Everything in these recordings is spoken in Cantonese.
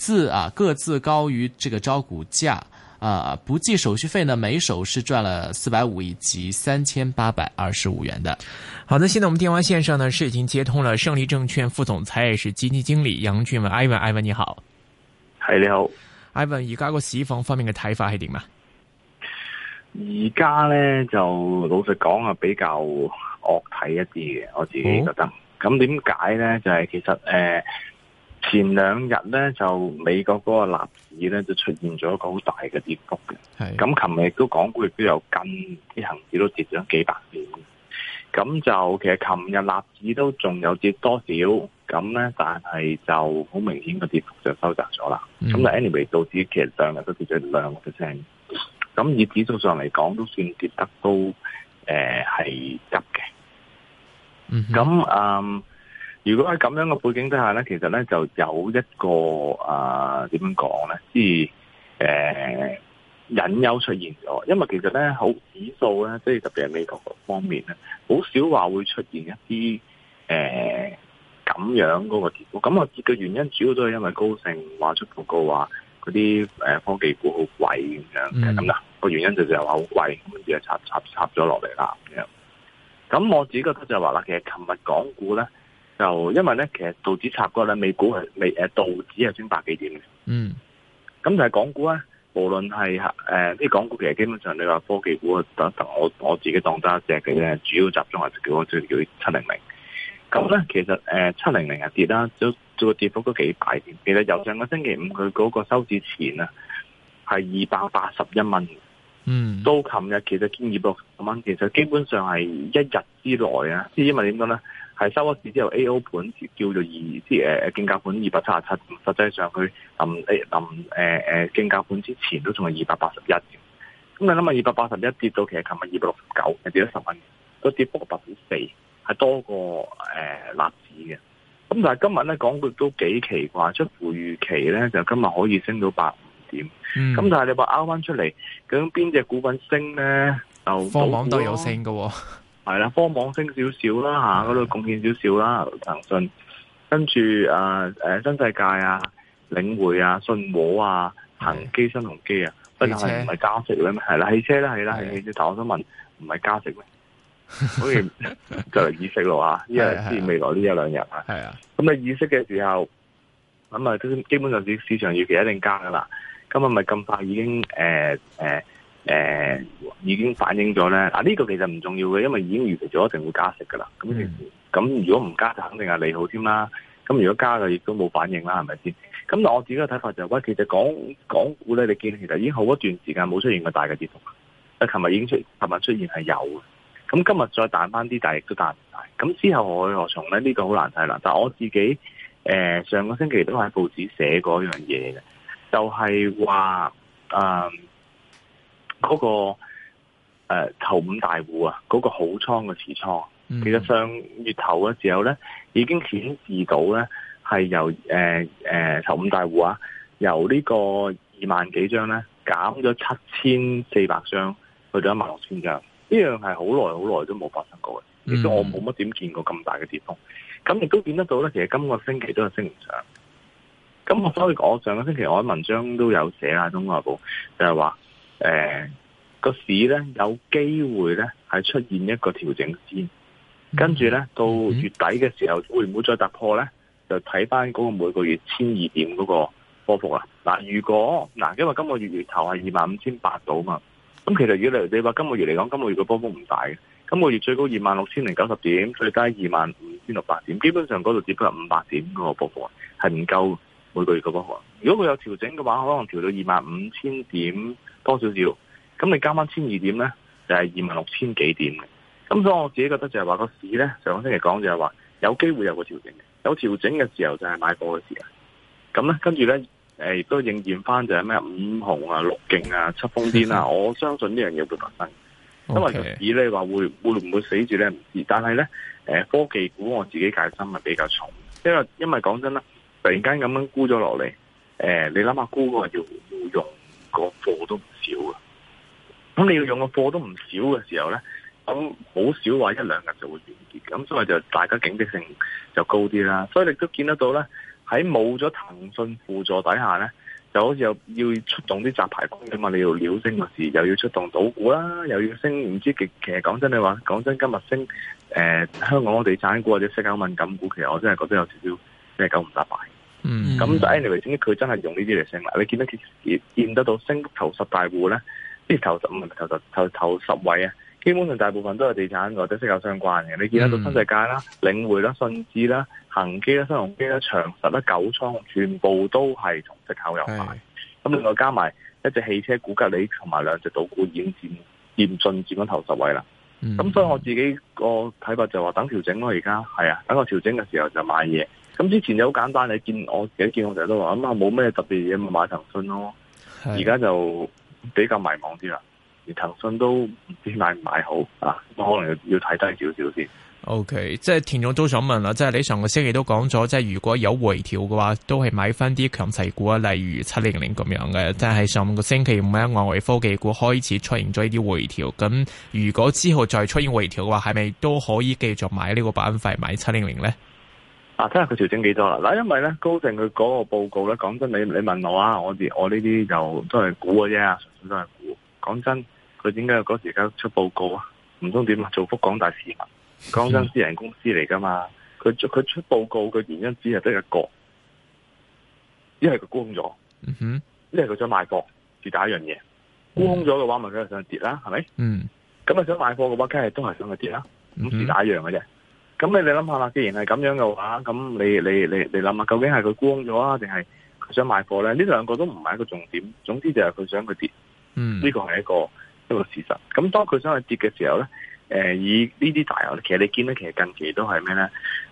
字啊各自高於這個招股價啊，不計手續費呢，每手是賺了四百五以及三千八百二十五元的。好的，現在我們電話線上呢是已經接通了勝利證券副總裁也是基金經理楊俊文。Ivan，Ivan Ivan, 你好。係你好，Ivan 而家個市況方面嘅睇法係點啊？而家呢，就老實講啊，比較惡睇一啲嘅，我自己覺得。咁點解呢？就係、是、其實誒。呃前兩日咧就美國嗰個納指咧就出現咗一個好大嘅跌幅嘅，咁琴日亦都港股亦都有跟啲恒指都跌咗幾百點，咁就其實琴日納指都仲有跌多少咁咧，但係就好明顯嘅跌幅就收窄咗啦。咁、嗯、就 anyway 導致其實上日都跌咗兩個 percent，咁以指數上嚟講都算跌得都誒係急嘅，咁、嗯、啊。呃如果喺咁樣嘅背景之下咧，其實咧就有一個啊點樣講咧，即係誒隱憂出現咗。因為其實咧好指數咧，即係特別係美國方面咧，好少話會出現一啲誒咁樣嗰個跌。咁我跌嘅原因主要都係因為高盛話出報告話嗰啲誒科技股好貴咁樣咁啦。嗱，個原因就就話好貴，跟住就插插插咗落嚟啦咁樣。咁我自己覺得就話啦，其實琴日港股咧。就因為咧，其實道指插嗰兩美股係未，誒道指係升百幾點嘅。嗯，咁就係港股咧，無論係誒啲港股其實，基本上你話科技股啊，等等，我我自己當得一隻嘅咧，主要集中係叫我最叫七零零。咁咧，其實誒、呃、七零零係跌啦，做做個跌幅都幾大點。其實由上個星期五佢嗰個收市前啊，係二百八十一蚊。嗯，到琴日其實堅二百六十蚊，其實基本上係一日之內啊。即係因為點講咧，係收咗市之後，A.O. 盤叫做二啲誒，競價盤二百七十七。實際上佢臨臨誒誒競價盤之前都仲係二百八十一。咁你諗下，二百八十一跌到其實琴日二百六十九，係跌咗十蚊，個跌幅百分之四，係多過誒、uh, 納指嘅。咁但係今日咧講句都幾奇怪，出乎預期咧，就今日可以升到百點、嗯、咁但係你話啱啱出嚟，究竟邊隻股份升咧？就科網都有升噶、哦，係啦，科網升少少啦吓，嗰度貢獻少少啦，騰訊跟住誒誒新世界啊、領匯啊、信和啊、恒基、新鴻基啊，不就係唔係加息咧咩？係啦，汽車咧係啦，係汽車是是。但我想問，唔係加息咩？ 好似就係議息咯吓。 因為未來呢一兩日吓，係啊。咁啊議息嘅時候，咁啊基基本上市市場預期一定加噶啦。今日咪咁快已經誒誒、呃呃呃、已經反映咗咧？啊呢、呢個其實唔重要嘅，因為已經預期咗一定會加息㗎啦。咁、嗯，咁如果唔加就肯定係利好添啦。咁如果加嘅亦都冇反應啦，係咪先？咁我自己嘅睇法就係：喂，其實港港股咧，你見其實已經好一段時間冇出現過大嘅跌幅。琴日已經出，琴日出現係有嘅。咁今日再彈翻啲，但係亦都彈唔大。咁之後何去何從咧？呢、呢個好難睇啦。但係我自己、呃、上個星期都喺報紙寫過一樣嘢嘅。就係話誒，嗰、呃嗰個誒、呃、頭五大戶啊，嗰、嗰個好倉嘅持倉，其實上月頭嘅時候咧，已經顯示到咧係由誒誒、呃呃、頭五大戶啊，由呢個二萬幾張咧，減咗七千四百張，去到一萬六千張，呢樣係好耐好耐都冇發生過嘅，亦都我冇乜點見過咁大嘅跌幅，咁亦都見得到咧，其實今個星期都係升唔上。咁我所以講，上個星期我喺文章都有寫啦，《中外報》就係話，誒個市咧有機會咧係出現一個調整先，跟住咧到月底嘅時候會唔會再突破咧？就睇翻嗰個每個月千二點嗰個波幅啦。嗱，如果嗱，因為今個月月頭係二萬五千八度嘛，咁其實如果你話今個月嚟講，今個月嘅波幅唔大嘅，今個月最高二萬六千零九十點，最低二萬五千六百點，基本上嗰度只不過五百點嗰個波幅係唔夠。每個月嘅波，如果佢有調整嘅話，可能調到二萬五千點多少少，咁你加翻千二點咧，就係二萬六千幾點嘅。咁所以我自己覺得就係話個市咧，上個星期講就係話有機會有個調整嘅，有調整嘅時候就係買貨嘅時間。咁咧，跟住咧，誒亦都應驗翻就係咩五紅啊、六勁啊、七瘋癲啊，我相信呢樣嘢會發生。因為個市咧話會會唔會死住咧唔知，但係咧誒科技股我自己戒心係比較重，因為因為講真啦。突然間咁樣沽咗落嚟，誒、欸，你諗下沽嗰人要要用個貨都唔少啊！咁你要用個貨都唔少嘅時候咧，咁好少話一兩日就會完結，咁所以就大家警惕性就高啲啦。所以你都見得到咧，喺冇咗騰訊輔助底下咧，就好似又要出動啲雜牌股你嘛，你要料升嘅時又要出動賭股啦，又要升，唔知其其實講真你話，講真今日升誒、呃，香港嘅地產股或者息口敏感股，其實我真係覺得有少少。係九五十八，嗯，咁就 anyway 佢真係用呢啲嚟升嘅。你到見到佢得到升級頭十大戶咧，呢頭十五、頭十、頭十頭十位啊，基本上大部分都係地產或者息口相關嘅。你見到新世界啦、領匯啦、信志啦、恒基啦、新鴻基啦、長實啦、九倉，全部都係從息口入買。咁另外加埋一隻汽車股吉利同埋兩隻島股，已經佔佔進佔咗頭十位啦。咁、嗯、所以我自己個睇法就話等調整咯。而家係啊，等我調整嘅時候就買嘢。咁之前又好簡單，你見我幾見我成日都話，咁啊冇咩特別嘢，咪買騰訊咯。而家就比較迷茫啲啦，而騰訊都唔知買唔買好啊，可能要睇低少少先。OK，即係田總都想問啦，即係你上個星期都講咗，即係如果有回調嘅話，都係買翻啲強勢股啊，例如七零零咁樣嘅。但係上個星期五喺外圍科技股開始出現咗呢啲回調，咁如果之後再出現回調嘅話，係咪都可以繼續買呢個板塊買七零零咧？啊，睇下佢調整幾多啦！嗱，因為咧高盛佢嗰個報告咧，講真，你你問我啊，我哋我呢啲就都係估嘅啫。純粹都係估。講真，佢點解嗰時而家出報告啊？唔通點啊？造福廣大市民？啊，講真，私人公司嚟噶嘛？佢出佢出報告嘅原因只係得一個，一係佢沽空咗，哼，一係佢想賣貨，主打一樣嘢。沽空咗嘅話，咪，mm-hmm. mm-hmm. 佢想跌啦，係咪？嗯，咁啊想賣貨嘅話，梗係都係想佢跌啦，咁主打一樣嘅啫。咁你你諗下啦，既然係咁樣嘅話，咁你你你你諗下，究竟係佢沽咗啊，定係佢想買貨咧？呢兩個都唔係一個重點。總之就係佢想佢跌，嗯，呢、這個係一個一個事實。咁當佢想去跌嘅時候咧，誒、呃，以呢啲大牛咧，其實你見咧，其實近期都係咩咧？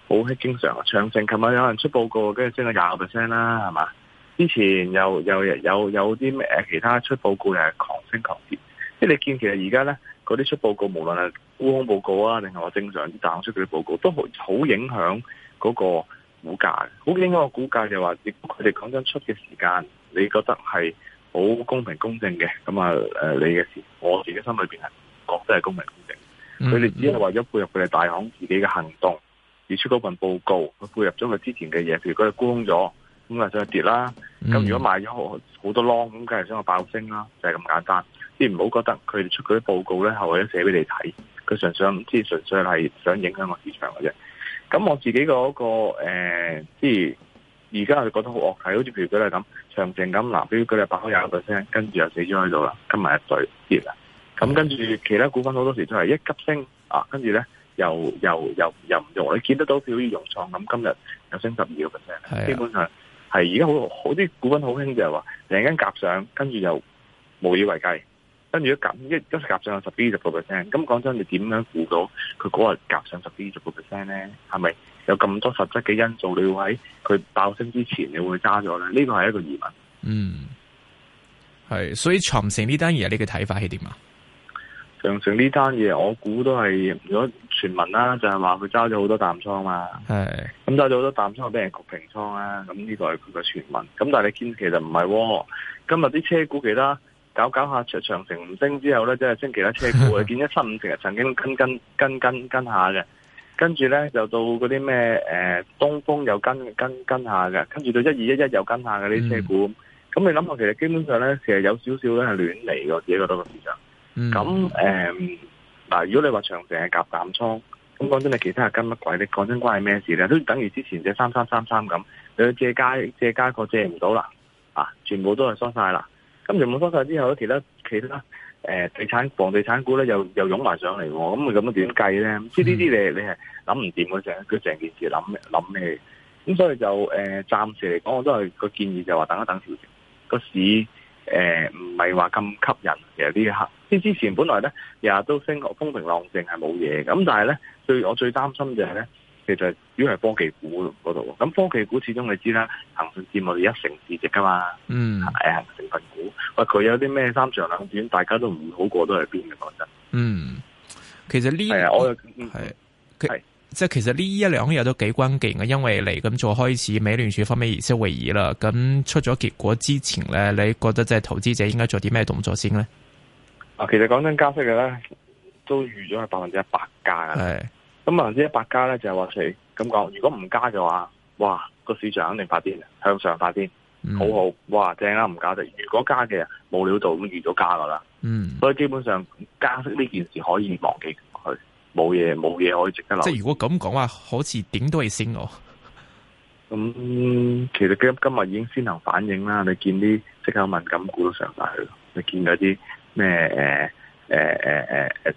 好經常嘅長盛，琴日有人出報告，跟住升咗廿個 percent 啦，係嘛？之前又又又有啲咩誒其他出報告又係狂升狂跌，即係你見其實而家咧。嗰啲出報告，無論係沽空報告啊，定係話正常啲大行出佢啲報告，都好好影響嗰個股價。好影響個股價就話，如果佢哋講緊出嘅時間，你覺得係好公平公正嘅，咁啊誒，你嘅事，我自己心裏面係覺得係公平公正。佢、嗯、哋、嗯、只係為咗配合佢哋大行自己嘅行動而出嗰份報告，佢配合咗佢之前嘅嘢。譬如佢沽空咗，咁就再跌啦。咁、嗯、如果買咗好多 long 咁梗係想我爆升啦，就係、是、咁簡單。啲唔好覺得佢哋出嗰啲報告咧係為咗寫俾你睇，佢純粹唔知純粹係想影響個市場嘅啫。咁我自己個嗰個誒，即係而家係覺得好惡係，好似譬如佢哋咁長城咁，藍標佢哋八開廿一個 percent，跟住又死咗喺度啦，今日再跌啦。咁跟住其他股份好多時都係一急升啊，跟住咧又又又又唔用。你見得到譬如融創咁，今日又升十二個 percent，基本上係而家好好啲股份好興就係話突然間夾上，跟住又無以為繼。跟住如果一一,一夾上十至二十個 percent，咁講真，你點樣估到佢嗰日夾上十至二十個 percent 咧？係咪有咁多實質嘅因素？你會喺佢爆升之前，你會揸咗咧？呢個係一個疑問。嗯，係，所以長城呢單嘢，你嘅睇法係點啊？長城呢單嘢，我估都係如果傳聞啦，就係話佢揸咗好多淡倉嘛。係。咁揸咗好多淡倉，我俾、嗯、人焗平倉啊！咁呢個係佢嘅傳聞。咁但係你見其實唔係喎，今日啲車股其他。搞搞下長城唔升之後咧，即係升其他車股， 你見一七五成日曾經跟跟跟跟跟下嘅，跟住咧就到嗰啲咩誒東風又跟跟跟下嘅，跟住到一二一一又跟下嘅啲車股，咁 你諗下其實基本上咧其實有少少咧係亂嚟嘅，我自己覺得個市場。咁誒嗱，如果你話長城係夾膽倉，咁講真，你其他係跟乜鬼？你講真關係咩事咧？都等於之前即三三三三咁，你去借家，借家個借唔到啦，啊，全部都係縮晒啦。咁全部收晒之後咧，其他其他誒、呃、地產房地產股咧又又湧埋上嚟，咁咪咁樣點計咧？呢啲啲你你係諗唔掂嘅啫，佢成件事諗諗咩？咁所以就誒暫、呃、時嚟講，我都係個建議就話等一等，調整個市誒唔係話咁吸引其實呢一刻。即之前本來咧日日都升，風平浪靜係冇嘢。咁但係咧，所以我最擔心就係咧。其實主要係科技股嗰度，咁科技股始終你知啦，騰訊佔我哋一成市值噶嘛，嗯，恒成分股，喂，佢有啲咩三長兩短，大家都唔好過都係邊嘅講真。嗯，其實呢，我係、嗯，即係其實呢一兩日都幾關鍵嘅，因為嚟，咁就開始美聯儲方面議息會議啦，咁出咗結果之前咧，你覺得即係投資者應該做啲咩動作先咧？啊，其實講真加息嘅咧，都預咗係百分之一百加啊。咁啊！呢一百家咧就係話誰咁講？如果唔加嘅話，哇個市場肯定發癲，向上發癲、嗯，好好哇正啦！唔加就，如果加嘅冇料到咁預咗加噶啦。嗯，所以基本上加息呢件事可以忘記佢，冇嘢冇嘢可以值得留。即係如果咁講話，好似點都係先喎。咁、嗯、其實今日已經先行反映啦。你見啲即刻敏感股都上晒去，你見到啲咩？呃誒誒誒誒，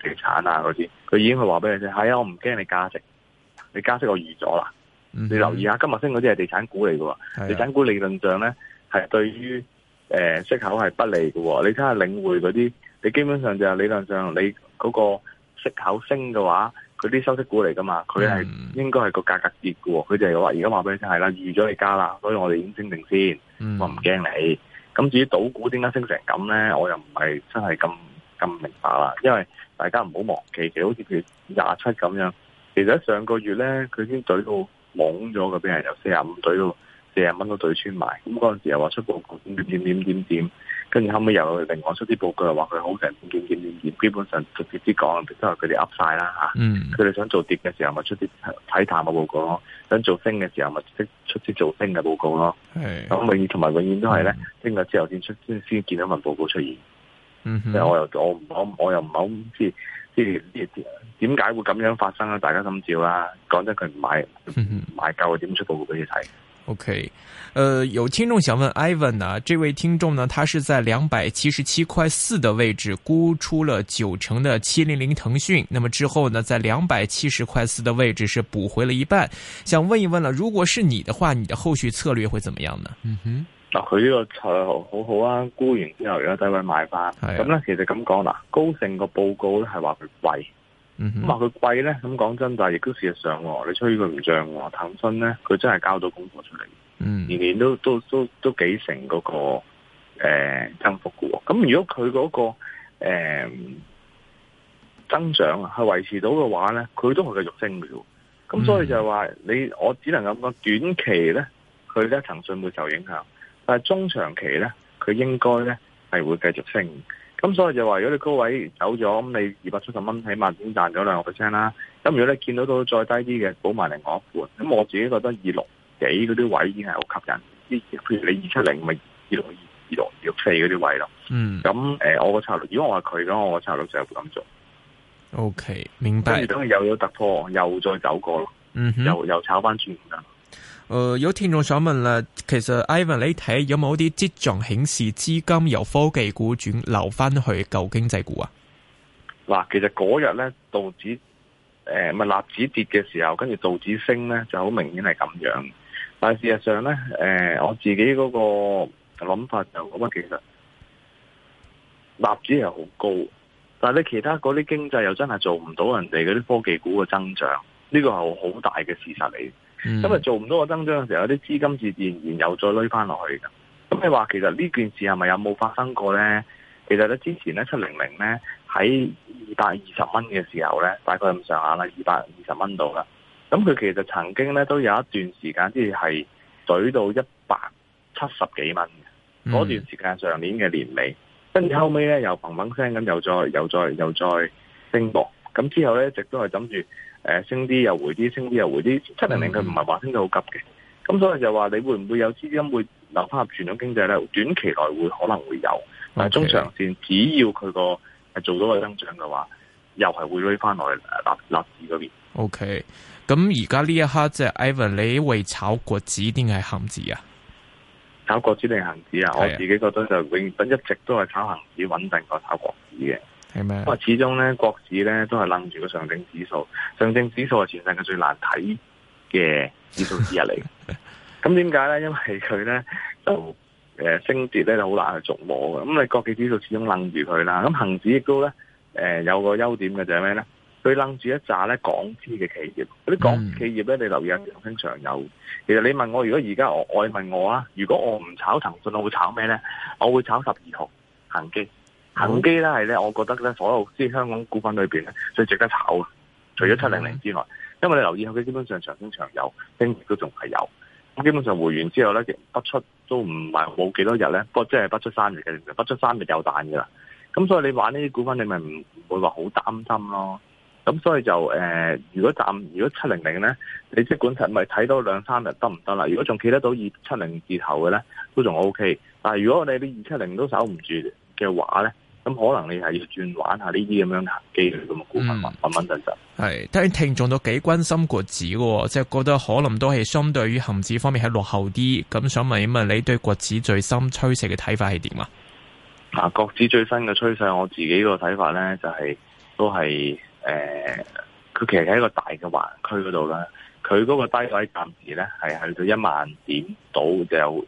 地產啊嗰啲，佢已經去話俾你聽，係啊，我唔驚你加息，你加息我預咗啦。Mm -hmm. 你留意下今日升嗰啲係地產股嚟嘅，mm -hmm. 地產股理論上咧係對於誒、呃、息口係不利嘅。你睇下領匯嗰啲，你基本上就係理論上你嗰個息口升嘅話，佢啲收息股嚟噶嘛，佢係、mm -hmm. 應該係個價格跌嘅。佢就係話而家話俾你聽係啦，預咗、啊、你加啦，所以我哋已經升定先。Mm -hmm. 我唔驚你。咁至於賭股點解升成咁咧，我又唔係真係咁。咁明白啦，因為大家唔好忘記，佢好似佢廿七咁樣，其實上個月咧佢已先隊到懵咗嘅，俾人由四十五隊到四十蚊都隊穿埋，咁嗰陣時候又話出報告點點點點點，跟住後尾又另外出啲報告又話佢好成點點點點，基本上直接啲講都係佢哋 up 曬啦嚇，佢、mm. 哋想做跌嘅時候咪出啲睇淡嘅報告咯，想做升嘅時候咪出出啲做升嘅報告咯，咁永遠同埋永遠都係咧，聽、mm. 日之後先出先先見到份報告出現。嗯哼、呃我我我，我又我唔好，我又唔好，即係即係點解會咁樣發生啊？大家心照啦、啊。講真，佢唔買，唔買夠點出報告俾你睇。OK，誒、呃，有聽眾想問 Ivan 啊，這位聽眾呢，他是在兩百七十七塊四的位置沽出了九成的七零零騰訊，那麼之後呢，在兩百七十塊四的位置是補回了一半，想問一問啦、啊，如果是你的話，你的後續策略會怎麼樣呢？嗯哼。嗱，佢呢個財好好啊，沽完之後而家低位賣翻。咁咧、啊，其實咁講啦，高盛個報告咧係話佢貴。咁話佢貴咧，咁講真但係亦都事實上，你吹佢唔漲，騰訊咧佢真係交咗功課出嚟，年、嗯、年都都都都幾成嗰、那個誒增幅喎。咁、呃、如果佢嗰、那個誒、呃、增長係維持到嘅話咧，佢都係繼續升嘅。咁所以就係話、嗯，你我只能咁講，短期咧佢咧騰訊會受影響。但係中長期咧，佢應該咧係會繼續升，咁所以就話如果你高位走咗，咁你二百七十蚊起碼已經賺咗兩個 percent 啦。咁如果你見到到再低啲嘅，補埋另外一半，咁我自己覺得二六幾嗰啲位已經係好吸引。啲譬如你二七零咪二六二六二六四嗰啲位咯。咁、嗯、誒、呃，我個策略，如果我係佢咁，我個策略就係咁做。OK，明白。跟住等佢又有突破，又再走過咯、嗯。又又炒翻轉。誒、呃，有聽眾想問啦，其實 Ivan 你睇有冇啲跡象顯示資金由科技股轉流翻去舊經濟股啊？嗱，其實嗰日咧道指，誒咪納指跌嘅時候，跟住道指升咧就好明顯係咁樣。但事實上咧，誒、呃、我自己嗰個諗法就咁、樣、啊，其實納指係好高，但係你其他嗰啲經濟又真係做唔到人哋嗰啲科技股嘅增長，呢個係好大嘅事實嚟。咁、嗯、啊，做唔到個增長嘅時候，有啲資金自自然然又再推返落去噶。咁你話其實呢件事係咪有冇發生過呢？其實咧之前咧七零零咧喺二百二十蚊嘅時候咧，大概咁上下啦，二百二十蚊度啦。咁佢其實曾經咧都有一段時間，即係懟到一百七十幾蚊嘅。嗰段時間上年嘅年尾，跟住後尾咧又砰砰聲咁又再又再又再升過。咁之後咧一直都係諗住。誒，升啲又回啲，升啲又回啲，七零零佢唔係話升得好急嘅，咁、嗯、所以就話你會唔會有資金會留翻入傳統經濟咧？短期內會可能會有，但係中長線只要佢個係做到個增長嘅話，okay. 又係會追返落納指嗰邊。O K，咁而家呢一刻即係 Ivan，你會炒國指定係恒指啊？炒國指定恒指啊？我自己覺得就永遠一直都係炒恒指穩定過炒國指嘅。因為始終咧，國指咧都係楞住個上證指數，上證指數係全世界最難睇嘅指數之一嚟。咁點解咧？因為佢咧就誒升跌咧就好難去捉摸嘅。咁你國企指數始終楞住佢啦。咁恒指亦都咧誒、呃、有個優點嘅就係咩咧？佢楞住一紮咧港資嘅企業，嗰啲港資企業咧你留意下長升長有。其實你問我如果而家我我問我啦，如果我唔炒騰訊，我會炒咩咧？我會炒十二號恒基。恆基咧係咧，我覺得咧所有即係香港股份裏邊咧最值得炒，除咗七零零之外。因為你留意下佢基本上長升長有，今年都仲係有。咁基本上回完之後咧，不出都唔係冇幾多日咧，不過，即係不出三日嘅，不出三日有彈噶啦。咁所以你玩呢啲股份，你咪唔會話好擔心咯。咁所以就誒、呃，如果站如果七零零咧，你即管睇咪睇多兩三日得唔得啦？如果仲企得到二七零字頭嘅咧，都仲 OK。但係如果我哋啲二七零都守唔住嘅話咧，咁、嗯、可能你係要轉玩下呢啲咁樣機類咁嘅問問問問陣陣。係，但、嗯、係、嗯、聽眾都幾關心國指，即係覺得可能都係相對於恒指方面係落後啲。咁想問啊嘛，你對國指最新趨勢嘅睇法係點啊？啊，國指最新嘅趨勢，我自己個睇法咧、就是，就係都係誒，佢、呃、其實喺一個大嘅環區嗰度啦。佢嗰個低位暫時咧係去到一萬點度，就有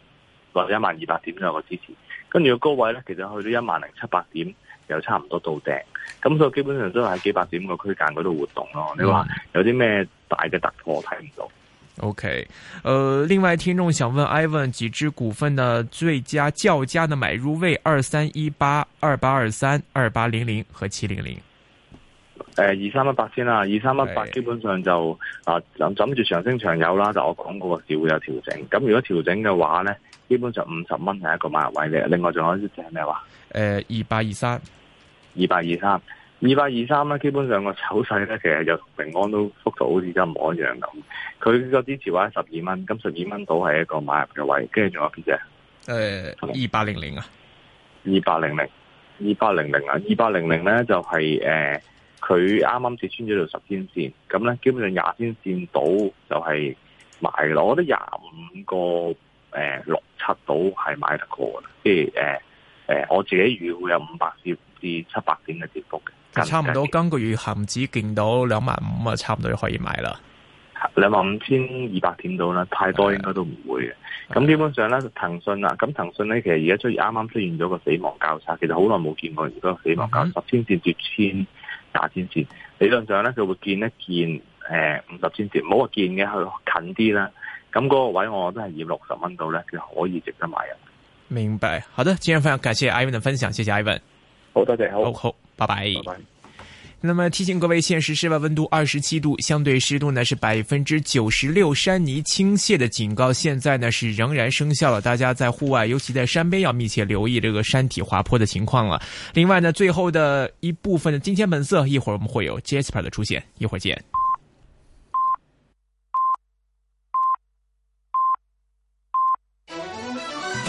或者一萬二百點都有個支持。跟住個高位咧，其實去到一萬零七百點，又差唔多到頂，咁所以基本上都係喺幾百點個區間嗰度活動咯。你話有啲咩大嘅突破睇唔到？OK，誒、呃，另外聽眾想問 Ivan 幾支股份嘅最佳較佳嘅買入位？二三一八、二八二三、二八零零和七零零。誒，二三一八先啦，二三一八基本上就啊諗住長升長有啦，就我講嗰個市會有調整。咁如果調整嘅話咧？基本上五十蚊係一個買入位嘅，另外仲有一隻係咩話？誒、呃，二八二三，二八二三，二八二三咧，基本上個走勢咧，其實就平安都幅度好似一模一樣咁。佢個支持位十二蚊，咁十二蚊到係一個買入嘅位，跟住仲有邊隻？誒、呃，二八零零啊，二八零零，二八零零啊，二八零零咧就係誒，佢啱啱跌穿咗條十天線，咁咧基本上廿天線到就係埋攞得廿五個。誒、呃，六七到係買得過嘅，即係誒誒，我自己預會有五百至至七百點嘅跌幅嘅。差唔多今個月恒指見到兩萬五啊，差唔多可以買啦。兩萬五千二百點到啦，太多應該都唔會嘅。咁基本上咧，騰訊啊，咁騰訊咧，其實而家出現啱啱出現咗個死亡交叉，其實好耐冇見過而家死亡交叉，十天線跌穿廿天線，理論上咧佢會見一見誒五十天線，唔好話見嘅，係近啲啦。咁、那、嗰個位，我都係以六十蚊度呢，就可以值得買嘅。明白，好的，今日分享，感謝 i 文 a n 的分享謝謝，謝謝 i 文。a n 好多謝，好好，拜拜，拜，拜。那麼提醒各位，現實室外溫度二十七度，相對濕度呢是百分之九十六，山泥傾瀉的警告現在呢是仍然生效了。大家在戶外，尤其在山邊，要密切留意這個山體滑坡的情況了。另外呢，最後的一部分的金錢本色，一會兒我們會有 Jasper 的出現，一會兒見。